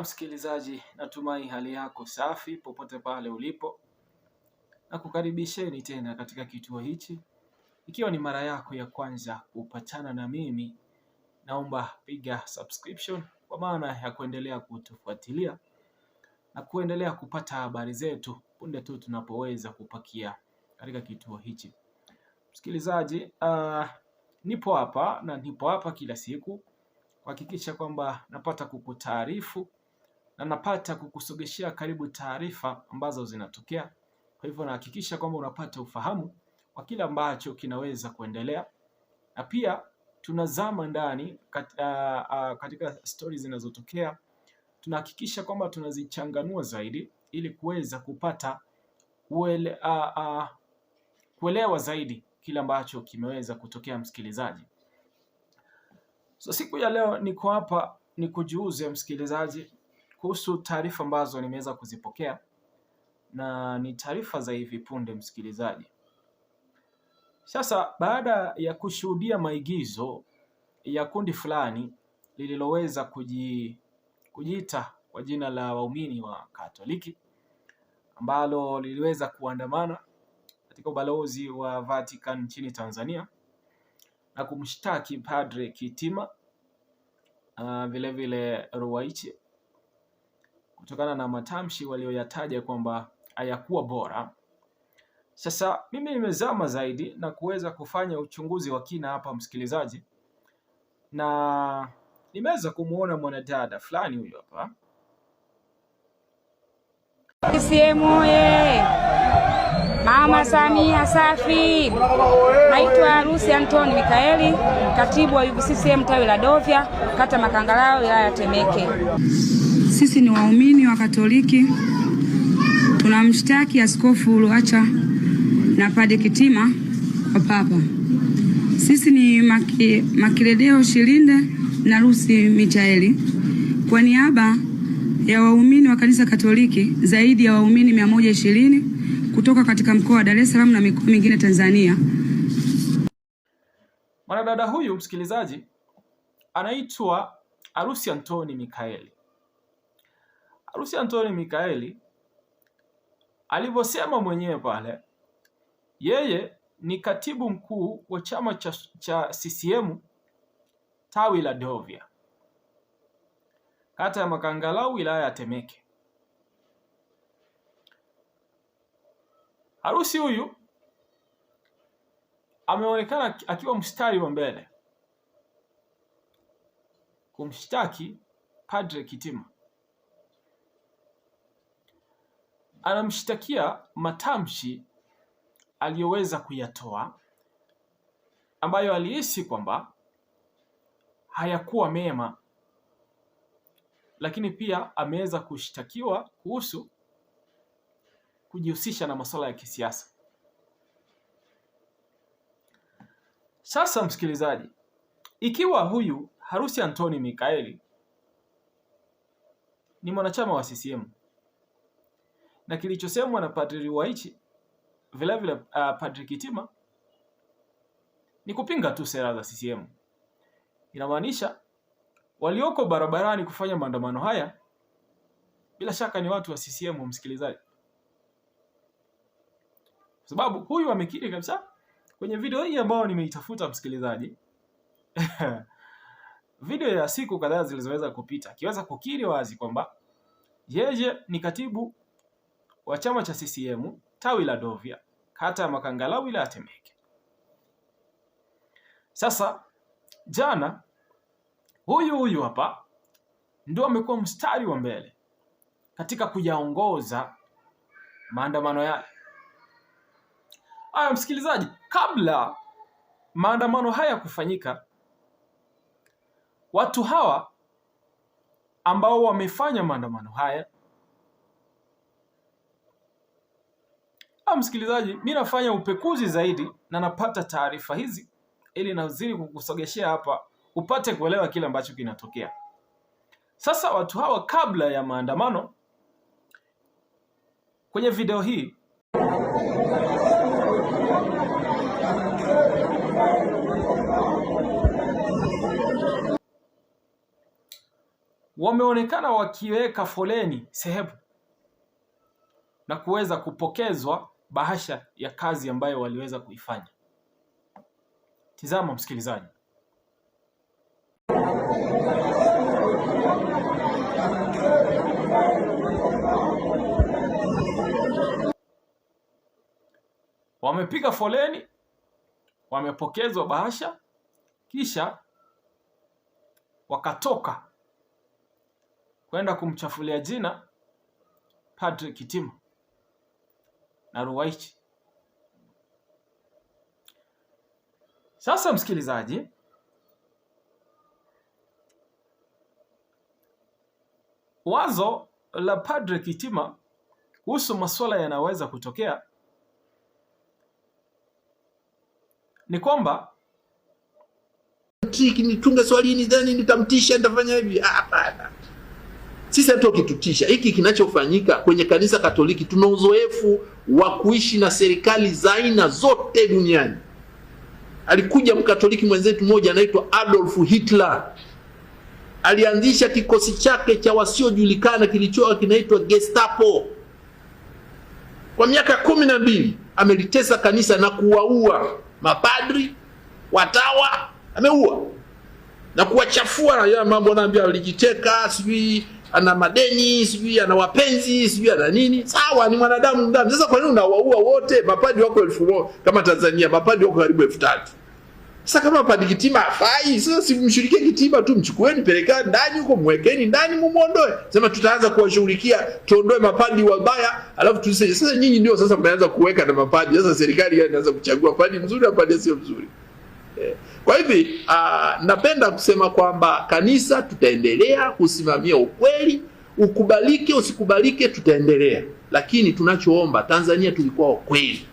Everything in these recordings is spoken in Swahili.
Msikilizaji, natumai hali yako safi popote pale ulipo, na kukaribisheni tena katika kituo hichi. Ikiwa ni mara yako ya kwanza kupatana na mimi, naomba piga subscription kwa maana ya kuendelea kutufuatilia na kuendelea kupata habari zetu punde tu tunapoweza kupakia katika kituo hichi. Msikilizaji, uh, nipo hapa na nipo hapa kila siku kuhakikisha kwamba napata kukutaarifu na napata kukusogeshea karibu taarifa ambazo zinatokea. Kwa hivyo nahakikisha kwamba unapata ufahamu wa kile ambacho kinaweza kuendelea, na pia tunazama ndani kat, uh, uh, katika stori zinazotokea tunahakikisha kwamba tunazichanganua zaidi ili kuweza kupata uele, uh, uh, kuelewa zaidi kile ambacho kimeweza kutokea msikilizaji. So siku ya leo niko hapa nikujuze msikilizaji kuhusu taarifa ambazo nimeweza kuzipokea na ni taarifa za hivi punde, msikilizaji. Sasa baada ya kushuhudia maigizo ya kundi fulani lililoweza kuji, kujiita kwa jina la waumini wa Katoliki ambalo liliweza kuandamana katika ubalozi wa Vatican nchini Tanzania na kumshtaki Padre Kitima vilevile ah, vile Ruwaichi kutokana na matamshi walioyataja kwamba hayakuwa bora. Sasa mimi nimezama zaidi na kuweza kufanya uchunguzi wa kina hapa, msikilizaji, na nimeweza kumwona mwanadada fulani huyo hapa. CCM oye! Mama Samia safi! Naitwa Harusi Antoni Mikaeli, katibu wa UVCCM tawi la Dovya, kata Makangalao, wilaya ya Temeke. Sisi ni waumini wa Katoliki, tunamshtaki Askofu Luacha na Padre Kitima kwa Papa. Sisi ni maki, Makiredeo Shilinde na rusi Michaeli kwa niaba ya waumini wa kanisa Katoliki zaidi ya waumini 120 kutoka katika mkoa wa Dar es Salaam na mikoa mingine Tanzania. Mwanadada huyu msikilizaji anaitwa Arusi Antoni Mikaeli. Lucy Anthony Mikaeli alivyosema mwenyewe pale, yeye ni katibu mkuu wa chama cha, cha CCM tawi la Dovya kata ya Makangalau wilaya ya Temeke. Harusi huyu ameonekana akiwa mstari wa mbele kumshtaki Padre Kitima anamshtakia matamshi aliyoweza kuyatoa ambayo alihisi kwamba hayakuwa mema, lakini pia ameweza kushtakiwa kuhusu kujihusisha na masuala ya kisiasa. Sasa msikilizaji, ikiwa huyu harusi Anthony Mikaeli ni mwanachama wa CCM na kilichosemwa na Padri Ruwaichi vilevile uh, Padri Kitima ni kupinga tu sera za CCM. Inamaanisha walioko barabarani kufanya maandamano haya bila shaka ni watu wa CCM, msikilizaji, kwa sababu huyu amekiri kabisa kwenye video hii ambayo nimeitafuta msikilizaji video ya siku kadhaa zilizoweza kupita, akiweza kukiri wazi kwamba yeye ni katibu wa chama cha CCM tawi la Dovya kata ya Makangala wilaya ya Temeke. Sasa jana, huyu huyu hapa ndio amekuwa mstari wa mbele katika kuyaongoza maandamano yale. Aya, msikilizaji, kabla maandamano haya kufanyika, watu hawa ambao wamefanya maandamano haya au ah, msikilizaji, mi nafanya upekuzi zaidi na napata taarifa hizi ili nazidi kukusogeshea hapa upate kuelewa kile ambacho kinatokea. Sasa watu hawa kabla ya maandamano kwenye video hii wameonekana wakiweka foleni sehemu na kuweza kupokezwa bahasha ya kazi ambayo waliweza kuifanya. Tizama msikilizaji. Wamepiga foleni, wamepokezwa bahasha, kisha wakatoka kwenda kumchafulia jina Padre Kitima. Narua Sasa msikilizaji, wazo la Padre Kitima kuhusu masuala yanaweza kutokea ni kwamba nitunge swali nidhani nitamtisha, nitafanya hivi. Ah, hapana, sisi hatuwa kitutisha. Hiki kinachofanyika kwenye kanisa Katoliki, tuna uzoefu wa kuishi na serikali za aina zote duniani. Alikuja mkatoliki mwenzetu mmoja anaitwa Adolf Hitler, alianzisha kikosi chake cha wasiojulikana kilichoa kinaitwa Gestapo. Kwa miaka kumi na mbili amelitesa kanisa na kuwaua mapadri, watawa, ameua na kuwachafua. Ya mambo anaambia alijiteka sijui ana madeni, sijui ana wapenzi, sijui ana nini. Sawa, ni mwanadamu mdamu. Sasa kwa nini unawaua wote? mapadi wako elfu moja kama Tanzania, mapadi wako karibu elfu tatu. Sasa kama padi Kitima afai sasa simshirikie Kitima tu, mchukueni pelekea ndani huko, mwekeni ndani, mumuondoe. Sema tutaanza kuwashughulikia, tuondoe mapadi wabaya, alafu tusije. Sasa nyinyi ndio sasa mnaanza kuweka na mapadi Sasa serikali inaanza kuchagua padi mzuri na padi sio mzuri. Kwa hivi uh, napenda kusema kwamba kanisa tutaendelea kusimamia ukweli, ukubalike usikubalike, tutaendelea, lakini tunachoomba Tanzania tulikuwa ukweli.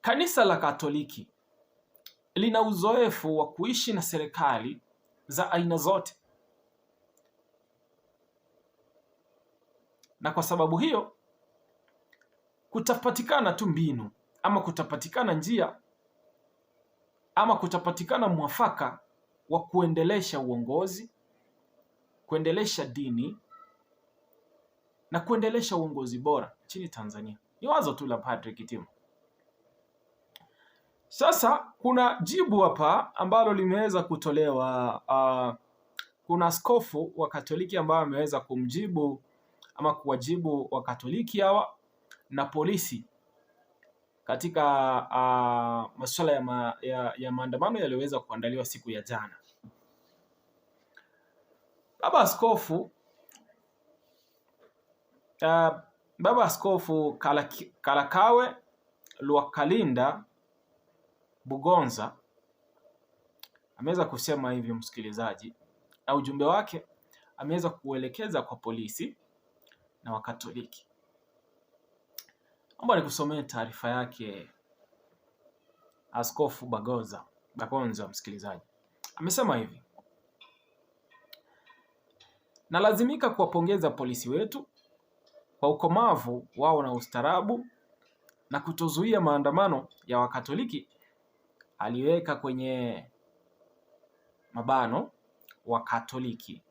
Kanisa la Katoliki lina uzoefu wa kuishi na serikali za aina zote, na kwa sababu hiyo kutapatikana tu mbinu ama kutapatikana njia ama kutapatikana mwafaka wa kuendelesha uongozi, kuendelesha dini na kuendelesha uongozi bora nchini Tanzania. Ni wazo tu la Padre Kitima. Sasa kuna jibu hapa ambalo limeweza kutolewa. Uh, kuna askofu wa Katoliki ambaye ameweza kumjibu ama kuwajibu wa Katoliki hawa na polisi katika uh, masuala ya, ma, ya, ya maandamano yaliyoweza kuandaliwa siku ya jana. Baba Askofu uh, Baba Askofu Kalakawe Lwakalinda Bugonza ameweza kusema hivyo msikilizaji, na ujumbe wake ameweza kuelekeza kwa polisi na Wakatoliki. Naomba nikusomee taarifa yake Askofu Bagonza Bagonza, msikilizaji, amesema hivi: nalazimika kuwapongeza polisi wetu kwa ukomavu wao na ustarabu na kutozuia maandamano ya Wakatoliki, aliweka kwenye mabano Wakatoliki.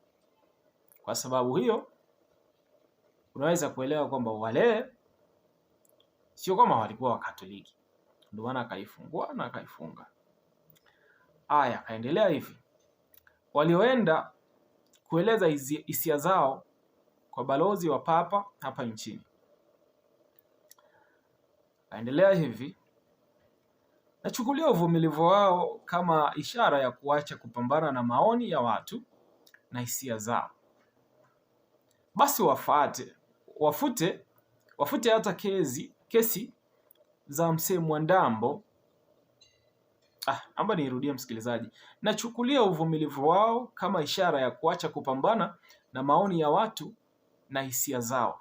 Kwa sababu hiyo unaweza kuelewa kwamba wale sio kama walikuwa Wakatoliki, ndio maana akaifungua na akaifunga. Aya akaendelea hivi, walioenda kueleza hisia zao kwa balozi wa papa hapa nchini. Akaendelea hivi, nachukulia uvumilivu wao kama ishara ya kuacha kupambana na maoni ya watu na hisia zao, basi wafate wafute wafute hata kezi Kesi za msee Mwandambo. Ah, amba niirudie msikilizaji, nachukulia uvumilivu wao kama ishara ya kuacha kupambana na maoni ya watu na hisia zao.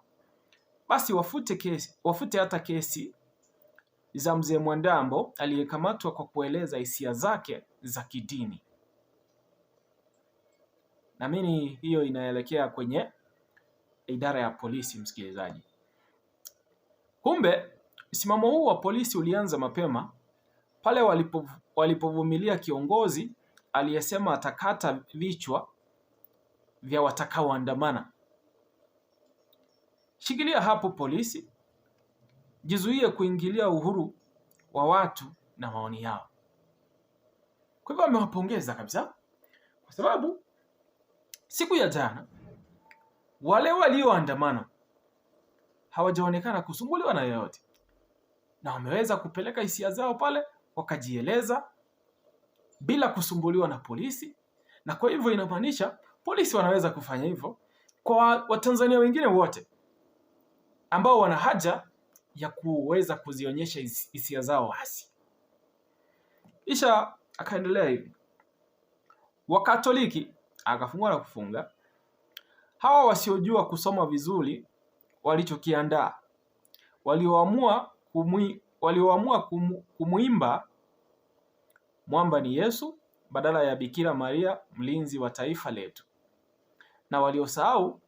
Basi wafute kesi, wafute hata kesi za mzee Mwandambo aliyekamatwa kwa kueleza hisia zake za kidini. Naamini hiyo inaelekea kwenye idara ya polisi, msikilizaji. Kumbe msimamo huu wa polisi ulianza mapema pale walipo walipovumilia kiongozi aliyesema atakata vichwa vya watakaoandamana. Shikilia hapo polisi, jizuie kuingilia uhuru wa watu na maoni yao. Kwa hivyo amewapongeza kabisa, kwa sababu siku ya jana wale walioandamana hawajaonekana kusumbuliwa na yoyote, na wameweza kupeleka hisia zao pale wakajieleza bila kusumbuliwa na polisi. Na kwa hivyo inamaanisha polisi wanaweza kufanya hivyo kwa Watanzania wengine wote ambao wana haja ya kuweza kuzionyesha hisia zao hasi. Kisha akaendelea hivi, Wakatoliki akafungua na kufunga hawa wasiojua kusoma vizuri walichokiandaa. Walioamua kumu, walioamua kumu, kumuimba mwamba ni Yesu badala ya Bikira Maria mlinzi wa taifa letu, na waliosahau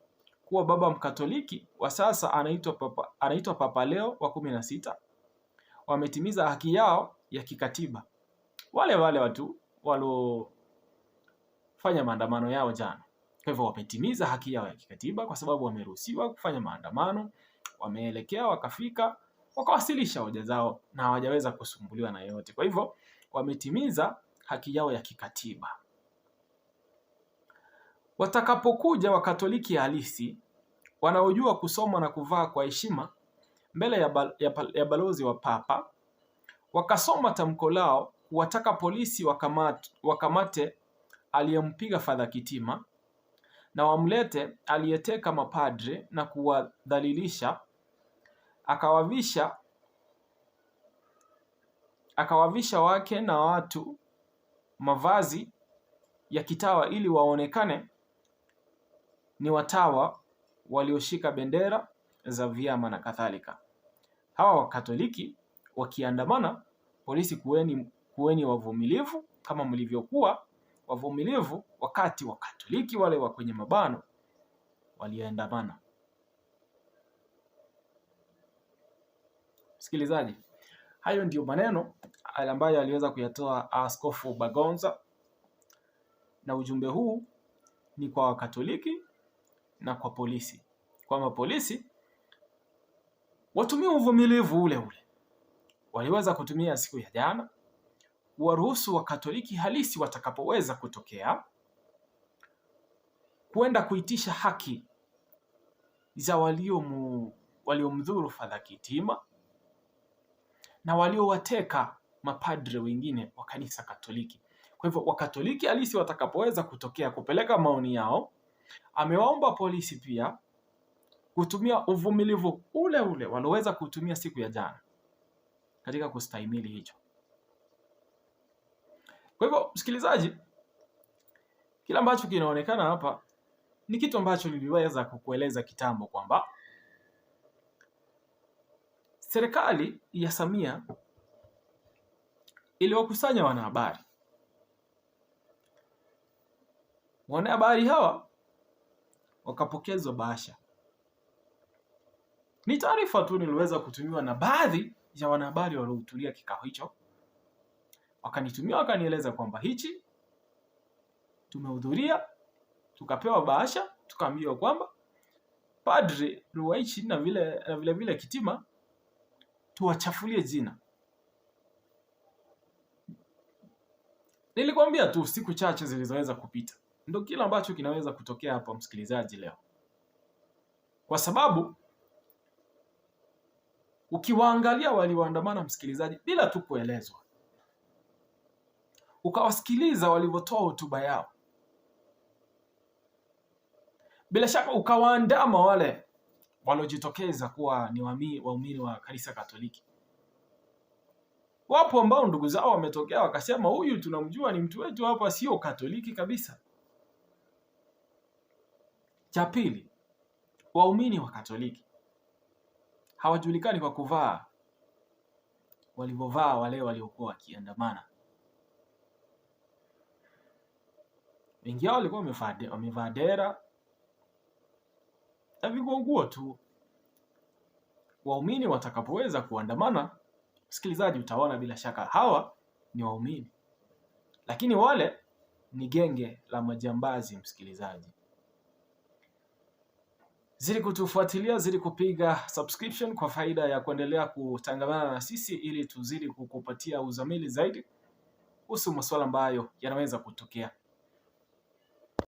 kuwa Baba Mkatoliki wa sasa anaitwa Papa, anaitwa Papa Leo wa kumi na sita wametimiza haki yao ya kikatiba, wale wale watu waliofanya maandamano yao jana. Kwa hivyo wametimiza haki yao ya kikatiba kwa sababu wameruhusiwa kufanya maandamano, wameelekea wakafika, wakawasilisha hoja zao na hawajaweza kusumbuliwa na yeyote. Kwa hivyo wametimiza haki yao ya kikatiba. Watakapokuja Wakatoliki halisi wanaojua kusoma na kuvaa kwa heshima mbele ya, bal ya, ya balozi wa Papa wakasoma tamko lao kuwataka polisi wakamate, wakamate aliyempiga Fadha Kitima na wamlete aliyeteka mapadre na kuwadhalilisha, akawavisha akawavisha wake na watu mavazi ya kitawa ili waonekane ni watawa walioshika bendera za vyama na kadhalika. Hawa Wakatoliki wakiandamana, polisi, kuweni kuweni wavumilivu kama mlivyokuwa wavumilivu wakati Wakatoliki wale wa kwenye mabano waliandamana. Msikilizaji, hayo ndiyo maneno ambayo aliweza kuyatoa Askofu Bagonza, na ujumbe huu ni kwa Wakatoliki na kwa polisi, kwamba polisi watumie uvumilivu ule ule waliweza kutumia siku ya jana kuwaruhusu Wakatoliki halisi watakapoweza kutokea kuenda kuitisha haki za waliomdhuru walio Fadha Kitima na waliowateka mapadre wengine wa kanisa Katoliki. Kwa hivyo Wakatoliki halisi watakapoweza kutokea kupeleka maoni yao, amewaomba polisi pia kutumia uvumilivu ule ule walioweza kutumia siku ya jana katika kustahimili hicho. Kwa hivyo, msikilizaji, kila ambacho kinaonekana hapa ni kitu ambacho niliweza kukueleza kitambo kwamba serikali ya Samia iliwakusanya wanahabari. Wanahabari hawa wakapokezwa bahasha. Ni taarifa tu niliweza kutumiwa na baadhi ya wanahabari waliohudhuria kikao hicho wakanitumia wakanieleza kwamba hichi tumehudhuria, tukapewa bahasha, tukaambiwa kwamba Padre Ruwaichi na vile na vile vile Kitima tuwachafulie jina. Nilikwambia tu siku chache zilizoweza kupita, ndio kila ambacho kinaweza kutokea hapa, msikilizaji, leo, kwa sababu ukiwaangalia walioandamana, msikilizaji, bila tu kuelezwa ukawasikiliza walivyotoa hotuba yao, bila shaka ukawaandama wale waliojitokeza kuwa ni waumini wa kanisa Katoliki. Wapo ambao ndugu zao wametokea wakasema, huyu tunamjua ni mtu wetu hapa, sio Katoliki kabisa. Cha pili, waumini wa Katoliki hawajulikani kwa kuvaa walivyovaa wale waliokuwa wakiandamana. Wengi hao walikuwa wamevaa dera na viguoguo tu. Waumini watakapoweza kuandamana, msikilizaji, utaona bila shaka hawa ni waumini, lakini wale ni genge la majambazi. Msikilizaji, zili kutufuatilia, zili kupiga subscription kwa faida ya kuendelea kutangamana na sisi, ili tuzidi kukupatia uzamili zaidi kuhusu masuala ambayo yanaweza kutokea.